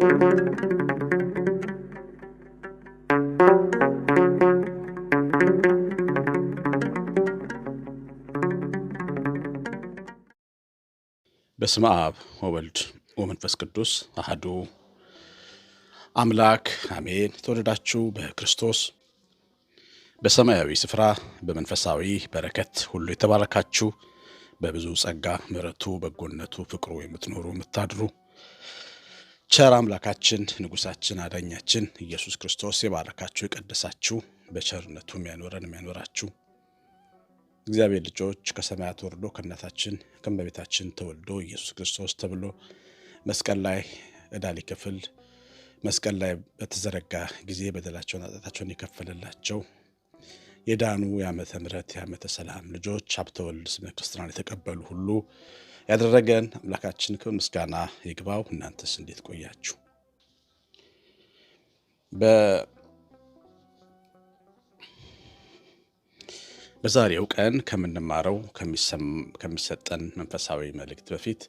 በስመ አብ ወወልድ ወመንፈስ ቅዱስ አህዱ አምላክ አሜን። የተወደዳችሁ በክርስቶስ በሰማያዊ ስፍራ በመንፈሳዊ በረከት ሁሉ የተባረካችሁ በብዙ ጸጋ ምሕረቱ፣ በጎነቱ፣ ፍቅሩ የምትኖሩ የምታድሩ ቸር አምላካችን ንጉሳችን አዳኛችን ኢየሱስ ክርስቶስ የባረካችሁ የቀደሳችሁ በቸርነቱ የሚያኖረን የሚያኖራችሁ እግዚአብሔር ልጆች ከሰማያት ወርዶ ከእናታችን ከእመቤታችን ተወልዶ ኢየሱስ ክርስቶስ ተብሎ መስቀል ላይ ዕዳ ሊከፍል መስቀል ላይ በተዘረጋ ጊዜ በደላቸውን አጣታቸውን የከፈለላቸው የዳኑ የዓመተ ምሕረት የዓመተ ሰላም ልጆች ሀብተወልድ ስመ ክርስትናን የተቀበሉ ሁሉ ያደረገን አምላካችን ክብር ምስጋና ይግባው። እናንተስ እንዴት ቆያችሁ? በዛሬው ቀን ከምንማረው ከሚሰጠን መንፈሳዊ መልእክት በፊት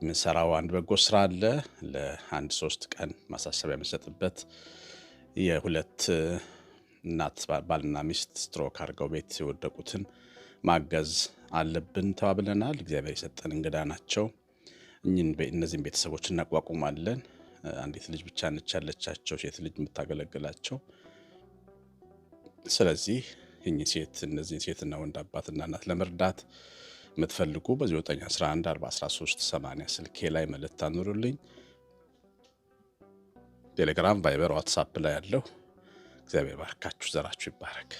የምንሰራው አንድ በጎ ስራ አለ። ለአንድ ሶስት ቀን ማሳሰቢያ የምንሰጥበት የሁለት እናት ባልና ሚስት ስትሮክ አድርገው ቤት የወደቁትን ማገዝ አለብን ተባብለናል። እግዚአብሔር የሰጠን እንግዳ ናቸው። እኝን እነዚህም ቤተሰቦች እናቋቁማለን። አንዲት ልጅ ብቻ ነች ያለቻቸው ሴት ልጅ የምታገለግላቸው። ስለዚህ እኚህ ሴት እነዚህን ሴትና ወንድ አባትና እናት ለመርዳት የምትፈልጉ በ9114138 ስልኬ ላይ መልእክት አኑሩልኝ። ቴሌግራም፣ ቫይበር፣ ዋትሳፕ ላይ ያለው እግዚአብሔር ባርካችሁ፣ ዘራችሁ ይባረክ።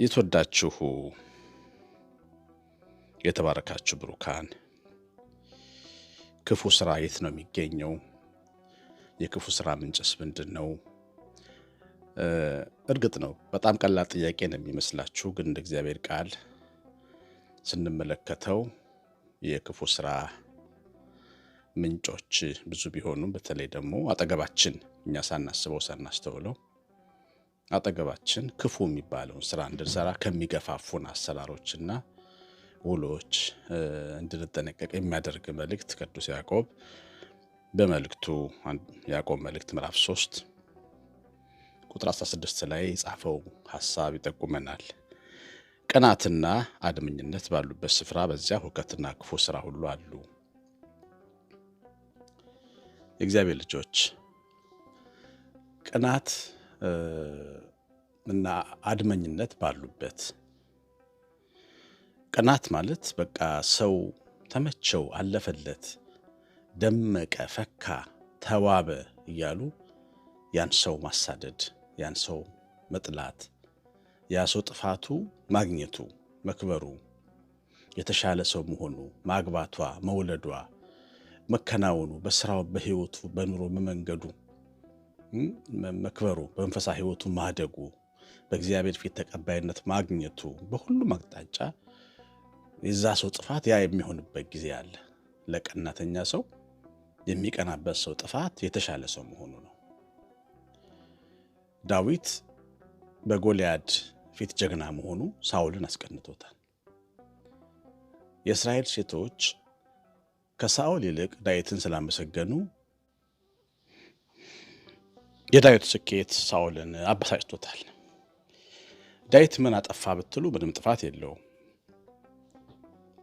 የተወዳችሁ የተባረካችሁ ብሩካን፣ ክፉ ስራ የት ነው የሚገኘው? የክፉ ስራ ምንጭስ ምንድን ነው? እርግጥ ነው በጣም ቀላል ጥያቄ ነው የሚመስላችሁ፣ ግን እንደ እግዚአብሔር ቃል ስንመለከተው የክፉ ስራ ምንጮች ብዙ ቢሆኑም በተለይ ደግሞ አጠገባችን እኛ ሳናስበው ሳናስተውለው አጠገባችን ክፉ የሚባለውን ስራ እንድንሰራ ከሚገፋፉን አሰራሮችና ውሎች እንድንጠነቀቅ የሚያደርግ መልእክት ቅዱስ ያዕቆብ በመልእክቱ ያዕቆብ መልእክት ምዕራፍ 3 ቁጥር 16 ላይ የጻፈው ሀሳብ ይጠቁመናል። ቅናትና አድመኝነት ባሉበት ስፍራ በዚያ ሁከትና ክፉ ስራ ሁሉ አሉ። የእግዚአብሔር ልጆች ቅናት እና አድመኝነት ባሉበት ቅናት ማለት በቃ ሰው ተመቸው፣ አለፈለት፣ ደመቀ፣ ፈካ፣ ተዋበ እያሉ ያን ሰው ማሳደድ፣ ያን ሰው መጥላት፣ ያ ሰው ጥፋቱ ማግኘቱ፣ መክበሩ፣ የተሻለ ሰው መሆኑ፣ ማግባቷ፣ መውለዷ፣ መከናወኑ፣ በስራው፣ በህይወቱ፣ በኑሮ፣ በመንገዱ መክበሩ፣ በመንፈሳዊ ህይወቱ ማደጉ፣ በእግዚአብሔር ፊት ተቀባይነት ማግኘቱ በሁሉም አቅጣጫ የዛ ሰው ጥፋት ያ የሚሆንበት ጊዜ አለ። ለቀናተኛ ሰው የሚቀናበት ሰው ጥፋት የተሻለ ሰው መሆኑ ነው። ዳዊት በጎልያድ ፊት ጀግና መሆኑ ሳውልን አስቀንቶታል። የእስራኤል ሴቶች ከሳኦል ይልቅ ዳዊትን ስላመሰገኑ የዳዊት ስኬት ሳውልን አበሳጭቶታል። ዳዊት ምን አጠፋ ብትሉ ምንም ጥፋት የለውም።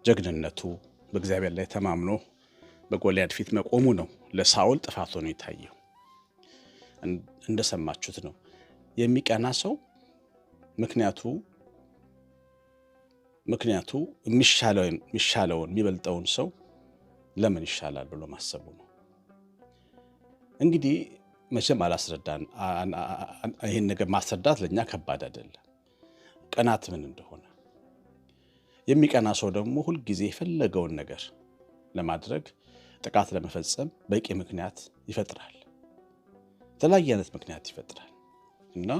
ጀግንነቱ በእግዚአብሔር ላይ ተማምኖ በጎልያድ ፊት መቆሙ ነው ለሳውል ጥፋት ሆኖ የታየው። እንደሰማችሁት ነው። የሚቀና ሰው ምክንያቱ ምክንያቱ የሚሻለውን የሚበልጠውን ሰው ለምን ይሻላል ብሎ ማሰቡ ነው። እንግዲህ መቼም አላስረዳን። ይህን ነገር ማስረዳት ለእኛ ከባድ አይደለም። ቅናት ምን እንደሆነ የሚቀና ሰው ደግሞ ሁልጊዜ የፈለገውን ነገር ለማድረግ ጥቃት ለመፈጸም በቂ ምክንያት ይፈጥራል። የተለያየ አይነት ምክንያት ይፈጥራል እና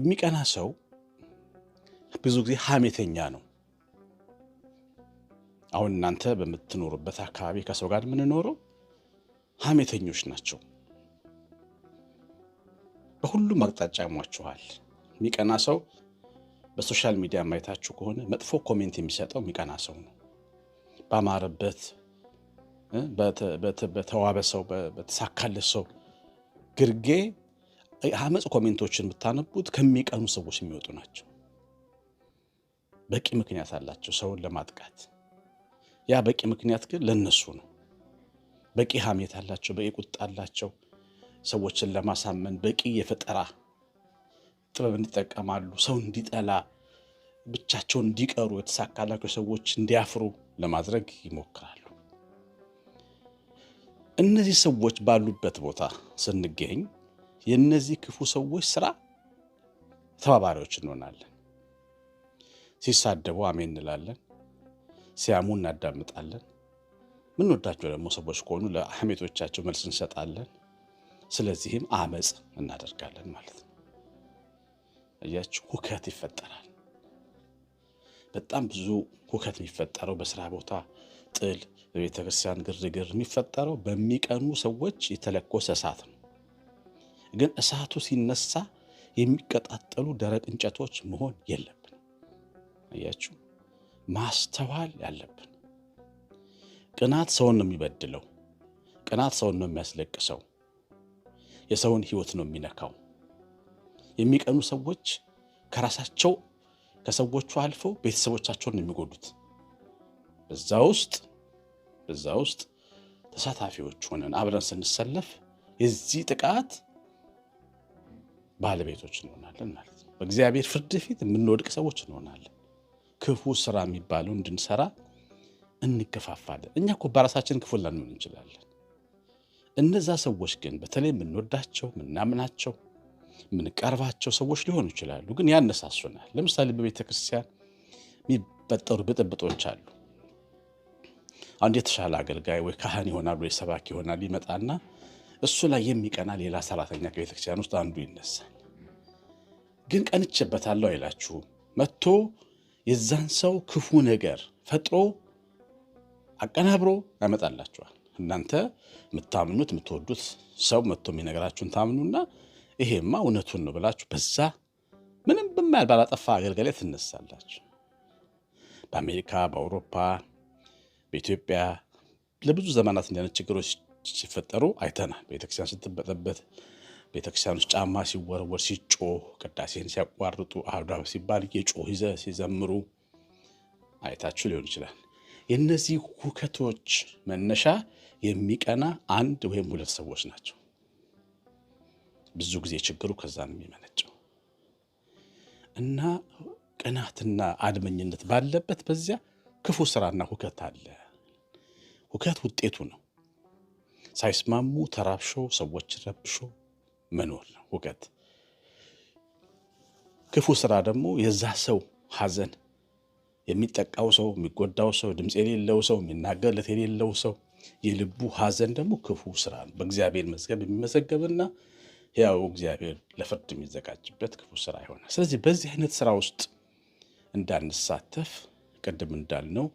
የሚቀና ሰው ብዙ ጊዜ ሀሜተኛ ነው። አሁን እናንተ በምትኖሩበት አካባቢ ከሰው ጋር የምንኖረው ሐሜተኞች ናቸው። በሁሉም አቅጣጫ ያሟችኋል። የሚቀና ሰው በሶሻል ሚዲያ ማየታችሁ ከሆነ መጥፎ ኮሜንት የሚሰጠው የሚቀና ሰው ነው። ባማረበት በተዋበ ሰው በተሳካለት ሰው ግርጌ አመፅ ኮሜንቶችን የምታነቡት ከሚቀኑ ሰዎች የሚወጡ ናቸው። በቂ ምክንያት አላቸው ሰውን ለማጥቃት። ያ በቂ ምክንያት ግን ለነሱ ነው። በቂ ሀሜት አላቸው፣ በቂ ቁጣ አላቸው። ሰዎችን ለማሳመን በቂ የፈጠራ ጥበብን ይጠቀማሉ። ሰው እንዲጠላ ብቻቸውን እንዲቀሩ የተሳካላቸው ሰዎች እንዲያፍሩ ለማድረግ ይሞክራሉ። እነዚህ ሰዎች ባሉበት ቦታ ስንገኝ የእነዚህ ክፉ ሰዎች ስራ ተባባሪዎች እንሆናለን። ሲሳደቡ አሜን እንላለን፣ ሲያሙ እናዳምጣለን። ምንወዳቸው ደግሞ ሰዎች ከሆኑ ለሐሜቶቻቸው መልስ እንሰጣለን። ስለዚህም አመፅ እናደርጋለን ማለት ነው። እያችሁ ሁከት ይፈጠራል። በጣም ብዙ ሁከት የሚፈጠረው በስራ ቦታ ጥል፣ በቤተክርስቲያን ግርግር የሚፈጠረው በሚቀኑ ሰዎች የተለኮሰ እሳት ነው። ግን እሳቱ ሲነሳ የሚቀጣጠሉ ደረቅ እንጨቶች መሆን የለብን። እያችሁ ማስተዋል ያለብን ቅናት ሰውን ነው የሚበድለው። ቅናት ሰውን ነው የሚያስለቅሰው። የሰውን ህይወት ነው የሚነካው። የሚቀኑ ሰዎች ከራሳቸው ከሰዎቹ አልፈው ቤተሰቦቻቸውን ነው የሚጎዱት። በዛ ውስጥ በዛ ውስጥ ተሳታፊዎች ሆነን አብረን ስንሰለፍ የዚህ ጥቃት ባለቤቶች እንሆናለን ማለት ነው። በእግዚአብሔር ፍርድ ፊት የምንወድቅ ሰዎች እንሆናለን። ክፉ ስራ የሚባለው እንድንሰራ እንገፋፋለን። እኛ እኮ በራሳችን ክፉ ላንሆን እንችላለን። እነዛ ሰዎች ግን በተለይ የምንወዳቸው ምናምናቸው የምንቀርባቸው ሰዎች ሊሆኑ ይችላሉ፣ ግን ያነሳሱናል። ለምሳሌ በቤተ ክርስቲያን የሚፈጠሩ ብጥብጦች አሉ። አንድ የተሻለ አገልጋይ ወይ ካህን ይሆናል ወይ ሰባኪ ይሆናል ይመጣና እሱ ላይ የሚቀና ሌላ ሰራተኛ ከቤተ ክርስቲያን ውስጥ አንዱ ይነሳል። ግን ቀንቼበታለሁ አይላችሁም። መጥቶ የዛን ሰው ክፉ ነገር ፈጥሮ አቀናብሮ ያመጣላችኋል። እናንተ የምታምኑት የምትወዱት ሰው መጥቶ የሚነገራችሁን ታምኑና ይሄማ እውነቱን ነው ብላችሁ በዛ ምንም በማያል ባላጠፋ አገልጋይ ትነሳላችሁ። በአሜሪካ፣ በአውሮፓ፣ በኢትዮጵያ ለብዙ ዘመናት እንዲነት ችግሮች ሲፈጠሩ አይተናል። ቤተክርስቲያን ስትበጠበት፣ ቤተክርስቲያን ውስጥ ጫማ ሲወረወር፣ ሲጮ ቅዳሴን ሲያቋርጡ፣ አህዱ ሲባል የጮ ይዘ ሲዘምሩ አይታችሁ ሊሆን ይችላል። የእነዚህ ሁከቶች መነሻ የሚቀና አንድ ወይም ሁለት ሰዎች ናቸው። ብዙ ጊዜ ችግሩ ከዛ ነው የሚመነጨው እና ቅናትና አድመኝነት ባለበት በዚያ ክፉ ስራና ሁከት አለ። ሁከት ውጤቱ ነው ሳይስማሙ ተራብሾ ሰዎችን ረብሾ መኖር ነው ሁከት። ክፉ ስራ ደግሞ የዛ ሰው ሐዘን የሚጠቃው ሰው፣ የሚጎዳው ሰው፣ ድምፅ የሌለው ሰው፣ የሚናገርለት የሌለው ሰው የልቡ ሐዘን ደግሞ ክፉ ስራ ነው። በእግዚአብሔር መዝገብ የሚመዘገብና ያው እግዚአብሔር ለፍርድ የሚዘጋጅበት ክፉ ስራ ይሆናል። ስለዚህ በዚህ አይነት ስራ ውስጥ እንዳንሳተፍ ቅድም እንዳልነው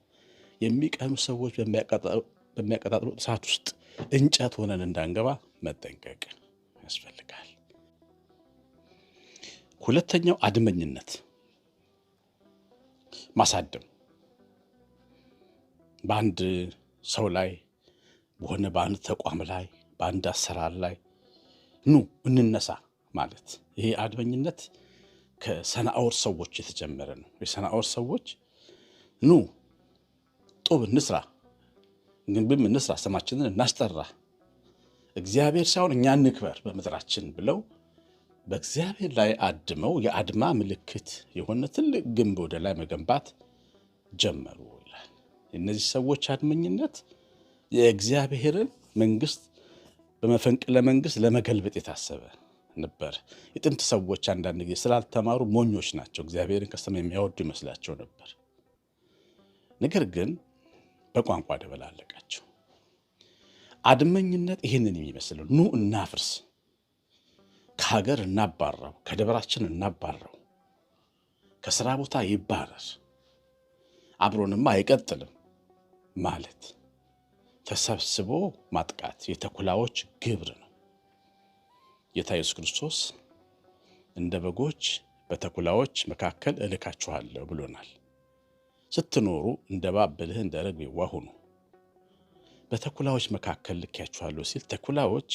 የሚቀኑ ሰዎች በሚያቀጣጥሉ እሳት ውስጥ እንጨት ሆነን እንዳንገባ መጠንቀቅ ያስፈልጋል። ሁለተኛው አድመኝነት ማሳደም በአንድ ሰው ላይ በሆነ በአንድ ተቋም ላይ በአንድ አሰራር ላይ ኑ እንነሳ ማለት ይሄ አድበኝነት ከሰናዖር ሰዎች የተጀመረ ነው። የሰናዖር ሰዎች ኑ ጡብ እንስራ፣ ግንብም እንስራ፣ ስማችንን እናስጠራ፣ እግዚአብሔር ሳይሆን እኛ እንክበር በምድራችን ብለው በእግዚአብሔር ላይ አድመው የአድማ ምልክት የሆነ ትልቅ ግንብ ወደ ላይ መገንባት ጀመሩ ይላል። የእነዚህ ሰዎች አድመኝነት የእግዚአብሔርን መንግስት በመፈንቅለ መንግስት ለመገልበጥ የታሰበ ነበር። የጥንት ሰዎች አንዳንድ ጊዜ ስላልተማሩ ሞኞች ናቸው። እግዚአብሔርን ከሰማይ የሚያወዱ ይመስላቸው ነበር። ነገር ግን በቋንቋ ደበላለቃቸው። አድመኝነት ይህንን የሚመስለው ኑ እናፍርስ ከሀገር እናባረው፣ ከደብራችን እናባረው፣ ከስራ ቦታ ይባረር፣ አብሮንማ አይቀጥልም ማለት ተሰብስቦ ማጥቃት የተኩላዎች ግብር ነው። ጌታ ኢየሱስ ክርስቶስ እንደ በጎች በተኩላዎች መካከል እልካችኋለሁ ብሎናል። ስትኖሩ እንደ እባብ ብልህ እንደ ርግብ የዋህ ሁኑ፣ በተኩላዎች መካከል ልኬያችኋለሁ ሲል ተኩላዎች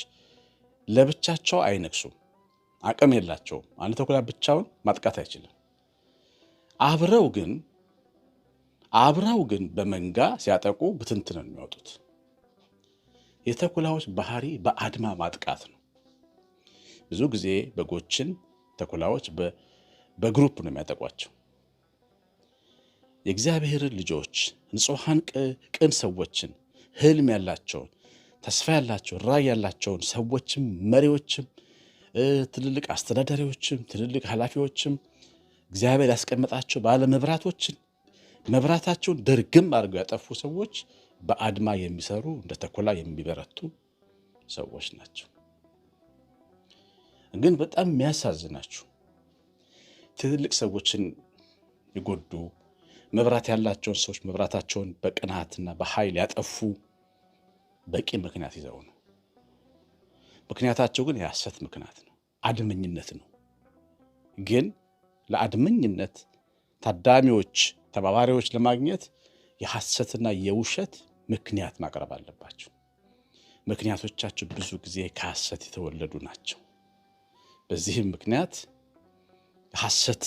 ለብቻቸው አይነግሱም። አቅም የላቸውም። አንድ ተኩላ ብቻውን ማጥቃት አይችልም። አብረው ግን አብረው ግን በመንጋ ሲያጠቁ ብትንትን የሚወጡት። የተኩላዎች ባህሪ በአድማ ማጥቃት ነው። ብዙ ጊዜ በጎችን ተኩላዎች በግሩፕ ነው የሚያጠቋቸው። የእግዚአብሔርን ልጆች ንጹሐን ቅን ሰዎችን ህልም ያላቸውን ተስፋ ያላቸውን ራዕይ ያላቸውን ሰዎችም መሪዎችም ትልልቅ አስተዳዳሪዎችም ትልልቅ ኃላፊዎችም እግዚአብሔር ያስቀመጣቸው ባለ መብራቶችን መብራታቸውን ድርግም አድርገው ያጠፉ ሰዎች በአድማ የሚሰሩ እንደ ተኮላ የሚበረቱ ሰዎች ናቸው። ግን በጣም የሚያሳዝናችሁ ትልልቅ ሰዎችን የጎዱ መብራት ያላቸውን ሰዎች መብራታቸውን በቅናትና በኃይል ያጠፉ በቂ ምክንያት ይዘው ነው። ምክንያታቸው ግን የሐሰት ምክንያት ነው፣ አድመኝነት ነው። ግን ለአድመኝነት ታዳሚዎች፣ ተባባሪዎች ለማግኘት የሐሰትና የውሸት ምክንያት ማቅረብ አለባቸው። ምክንያቶቻቸው ብዙ ጊዜ ከሐሰት የተወለዱ ናቸው። በዚህም ምክንያት ሐሰት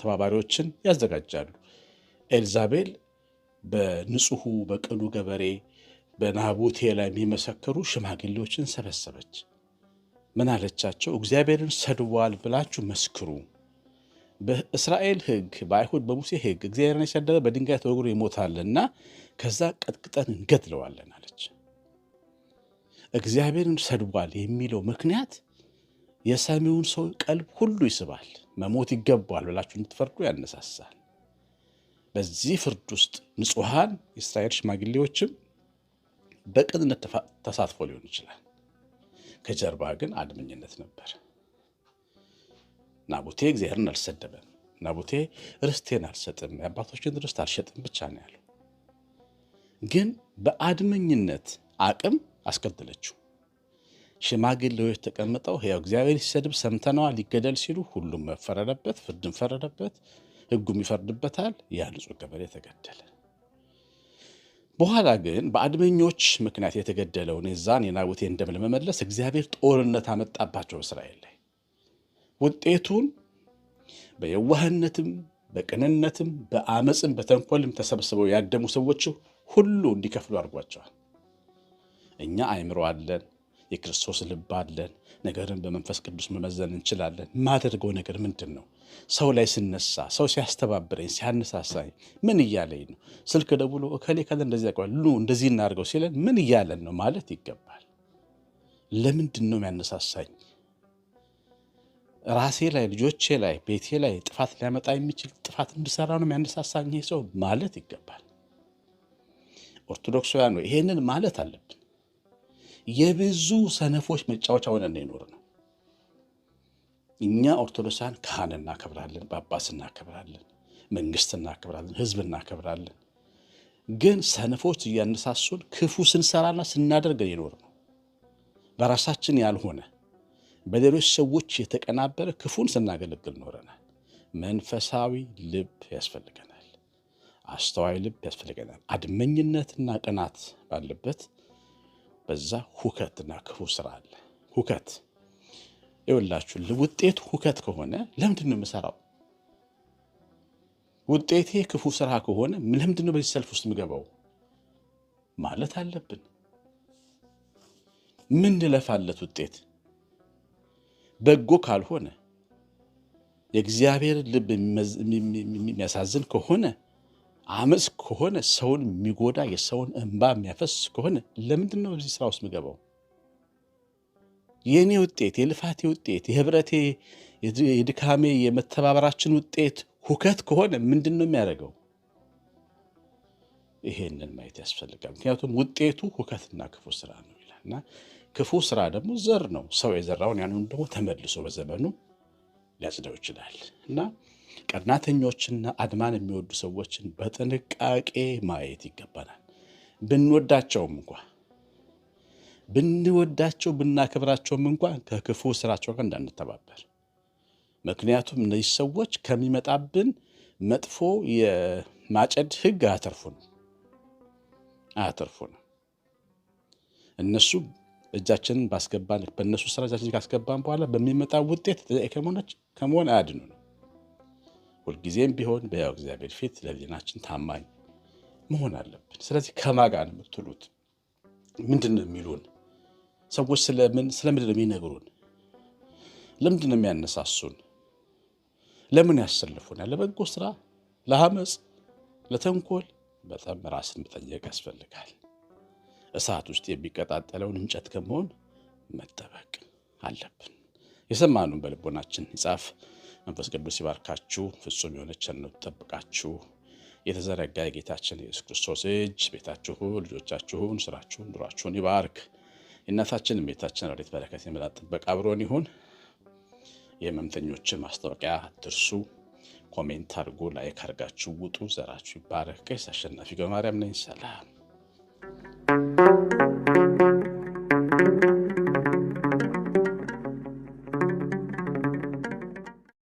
ተባባሪዎችን ያዘጋጃሉ። ኤልዛቤል በንጹሑ በቅኑ ገበሬ በናቡቴ ላይ የሚመሰክሩ ሽማግሌዎችን ሰበሰበች። ምን አለቻቸው? እግዚአብሔርን ሰድቧል ብላችሁ መስክሩ። በእስራኤል ሕግ በአይሁድ በሙሴ ሕግ እግዚአብሔርን የሰደበ በድንጋይ ተወግሮ ይሞታልና ከዛ ቀጥቅጠን እንገድለዋለን አለች። እግዚአብሔርን ሰድቧል የሚለው ምክንያት የሰሚውን ሰው ቀልብ ሁሉ ይስባል። መሞት ይገባል ብላችሁ እንድትፈርዱ ያነሳሳል። በዚህ ፍርድ ውስጥ ንጹሐን የእስራኤል ሽማግሌዎችም በቅንነት ተሳትፎ ሊሆን ይችላል። ከጀርባ ግን አድመኝነት ነበር። ናቡቴ እግዚአብሔርን አልሰደበም። ናቡቴ ርስቴን አልሰጥም፣ የአባቶችን ርስት አልሸጥም ብቻ ነው ያለው። ግን በአድመኝነት አቅም አስገደለችው። ሽማግሌዎች ተቀምጠው ያው እግዚአብሔር ሲሰድብ ሰምተነዋል፣ ሊገደል ሲሉ ሁሉም መፈረደበት፣ ፍርድም ፈረደበት፣ ህጉም ይፈርድበታል። ያ ንጹሕ ገበሬ ተገደለ። በኋላ ግን በአድመኞች ምክንያት የተገደለውን የዛን የናቡቴን ደም ለመመለስ እግዚአብሔር ጦርነት አመጣባቸው እስራኤል ላይ። ውጤቱን በየዋህነትም በቅንነትም በአመፅም በተንኮልም ተሰብስበው ያደሙ ሰዎች ሁሉ እንዲከፍሉ አድርጓቸዋል። እኛ አይምሮ አለን፣ የክርስቶስ ልብ አለን። ነገርን በመንፈስ ቅዱስ መመዘን እንችላለን። የማደርገው ነገር ምንድን ነው? ሰው ላይ ስነሳ፣ ሰው ሲያስተባብረኝ፣ ሲያነሳሳኝ ምን እያለኝ ነው? ስልክ ደውሎ እከሌ ከለ እንደዚህ ያውቀዋል ሉ እንደዚህ እናድርገው ሲለን ምን እያለን ነው ማለት ይገባል። ለምንድን ነው የሚያነሳሳኝ? ራሴ ላይ፣ ልጆቼ ላይ፣ ቤቴ ላይ ጥፋት ሊያመጣ የሚችል ጥፋት እንድሰራ ነው የሚያነሳሳኝ ሰው ማለት ይገባል። ኦርቶዶክሳውያን ይሄንን ማለት አለብን። የብዙ ሰነፎች መጫወቻ ሆነን ይኖር ነው። እኛ ኦርቶዶክሳን ካህን እናከብራለን፣ ጳጳስ እናከብራለን፣ መንግስት እናከብራለን፣ ህዝብ እናከብራለን። ግን ሰነፎች እያነሳሱን ክፉ ስንሰራና ስናደርገን ይኖር ነው። በራሳችን ያልሆነ በሌሎች ሰዎች የተቀናበረ ክፉን ስናገለግል ኖረናል። መንፈሳዊ ልብ ያስፈልገናል። አስተዋይ ልብ ያስፈልገናል። አድመኝነትና ቅናት ባለበት በዛ ሁከትና ክፉ ስራ አለ። ሁከት ይውላችሁ፣ ውጤቱ ሁከት ከሆነ ለምንድን ነው የምሰራው? ውጤቴ ክፉ ስራ ከሆነ ለምንድን ነው በዚህ ሰልፍ ውስጥ የምገባው ማለት አለብን። ምን ልለፋለት ውጤት በጎ ካልሆነ የእግዚአብሔር ልብ የሚያሳዝን ከሆነ አመፅ ከሆነ ሰውን የሚጎዳ የሰውን እንባ የሚያፈስ ከሆነ ለምንድን ነው እዚህ ስራ ውስጥ የምገባው? የእኔ ውጤት የልፋቴ ውጤት የህብረቴ የድካሜ የመተባበራችን ውጤት ሁከት ከሆነ ምንድን ነው የሚያደርገው? ይሄንን ማየት ያስፈልጋል። ምክንያቱም ውጤቱ ሁከትና ክፉ ስራ ነው ይላል እና ክፉ ስራ ደግሞ ዘር ነው። ሰው የዘራውን ያንን ደግሞ ተመልሶ በዘመኑ ሊያጽደው ይችላል እና ቀናተኞችና አድማን የሚወዱ ሰዎችን በጥንቃቄ ማየት ይገባናል። ብንወዳቸውም እንኳ ብንወዳቸው ብናከብራቸውም እንኳ ከክፉ ስራቸው ጋር እንዳንተባበር። ምክንያቱም እነዚህ ሰዎች ከሚመጣብን መጥፎ የማጨድ ህግ አያተርፉንም አያተርፉንም እነሱ እጃችንን ባስገባን በእነሱ ስራ እጃችን ካስገባን በኋላ በሚመጣ ውጤት ከመሆናች ከመሆን አያድኑ ነው። ሁልጊዜም ቢሆን በያው እግዚአብሔር ፊት ለዜናችን ታማኝ መሆን አለብን። ስለዚህ ከማጋ ነው የምትሉት ምንድን ነው የሚሉን ሰዎች ስለምንድን ነው የሚነግሩን? ለምንድን ነው የሚያነሳሱን? ለምን ያሰልፉናል? ለበጎ ስራ፣ ለአመፅ፣ ለተንኮል በጣም ራስን መጠየቅ ያስፈልጋል። እሳት ውስጥ የሚቀጣጠለውን እንጨት ከመሆን መጠበቅ አለብን። የሰማኑን በልቦናችን ይጻፍ። መንፈስ ቅዱስ ይባርካችሁ፣ ፍጹም የሆነች ነው ጠብቃችሁ የተዘረጋ የጌታችን የሱስ ክርስቶስ እጅ ቤታችሁን፣ ልጆቻችሁን፣ ስራችሁን፣ ኑሯችሁን ይባርክ። የእናታችን ቤታችን ረድኤት በረከት የመላእክት ጥበቃ አብሮን ይሁን። የሕመምተኞችን ማስታወቂያ አትርሱ። ኮሜንት አድርጎ ላይክ አድርጋችሁ ውጡ። ዘራችሁ ይባረክ። ቀሲስ አሸናፊ ገብረማርያም ነኝ። ሰላም thank you